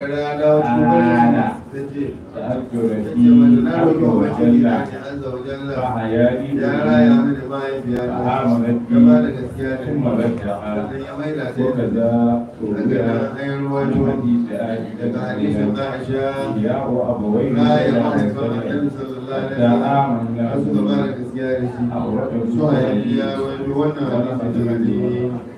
rana da ta ce ta alkurati na roƙon wajen gida ta azza wajen da ya raya mini mahaifiya ta gaba da gaskiya da kuma sannan da maida ya wa abawai na ya mahaifan da sallallahu da gaskiya da shi su haifiya wani wannan hadisi da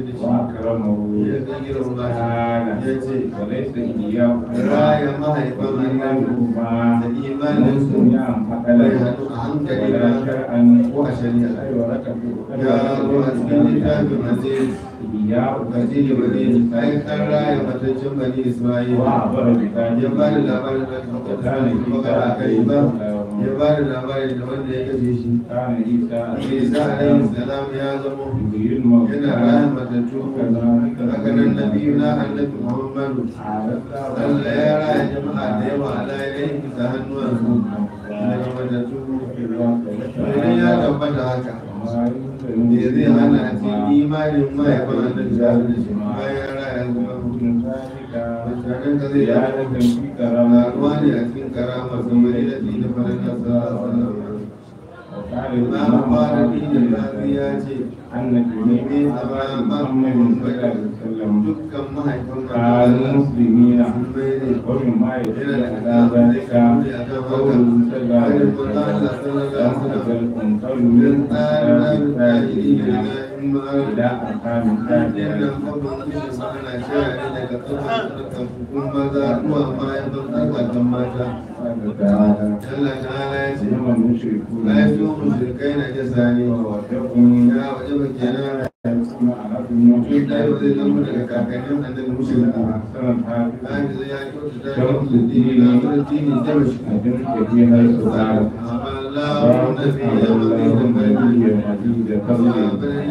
المجلس وأكرمه يذكر الله تعالى وليس إياه راية ما يكون إيمان da imanin su bai haɗu a hankali ba ko a shari'a ya zo a cikin littafin wani raya mataccen bani ya ba da labarin da ta kai ba ya ba da labarin da wanda ya gabe shi kana isa isa alaihi salam ya zama yana ranar matattu haka nan biyu na annabi muhammadu Allah ya raya jama'a da yawa ala yanayin da hannuwan su daga matattu idan ya tabbata haka me zai hana a cikin imanin mahaifin annabi da bayan raya ya dangane ya danganci a cikin karama zama ya da ne muhammadin na wani ta maza Allah ya الله نبي مجيد كمل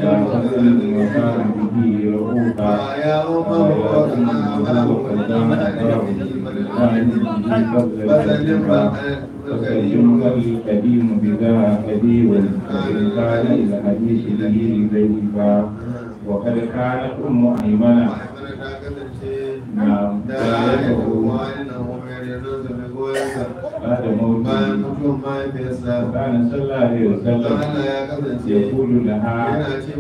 لا تسلم وكان به رؤوفا يا أمم قدنا ما قدمت فسلم فسلم القديم بذا قديم فإن الحديث به ضيفا وقد كانت أم أيمنة نعم ذلك هو أنه من رزق mahaifiyarsa kana sallallahu alaihi wasallam ya kulu da ha yana ce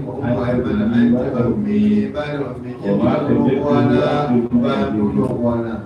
ma ke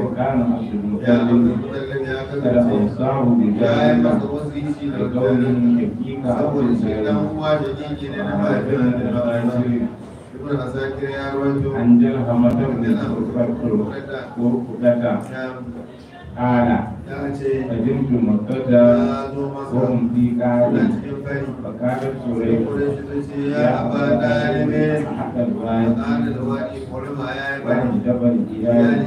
وكان مشهودا فأوصاه بذلك بقول حقيقة عن جرهمة بن فرقدة قال قدمت مكة وهم في قاعدة فقالت سريع يا أبا طالب أحد الوالد وأن جبل إياه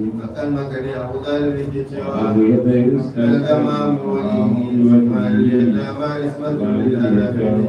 المكري أبو طالب جوا الأمام والمال إلا ما اسمته للأدب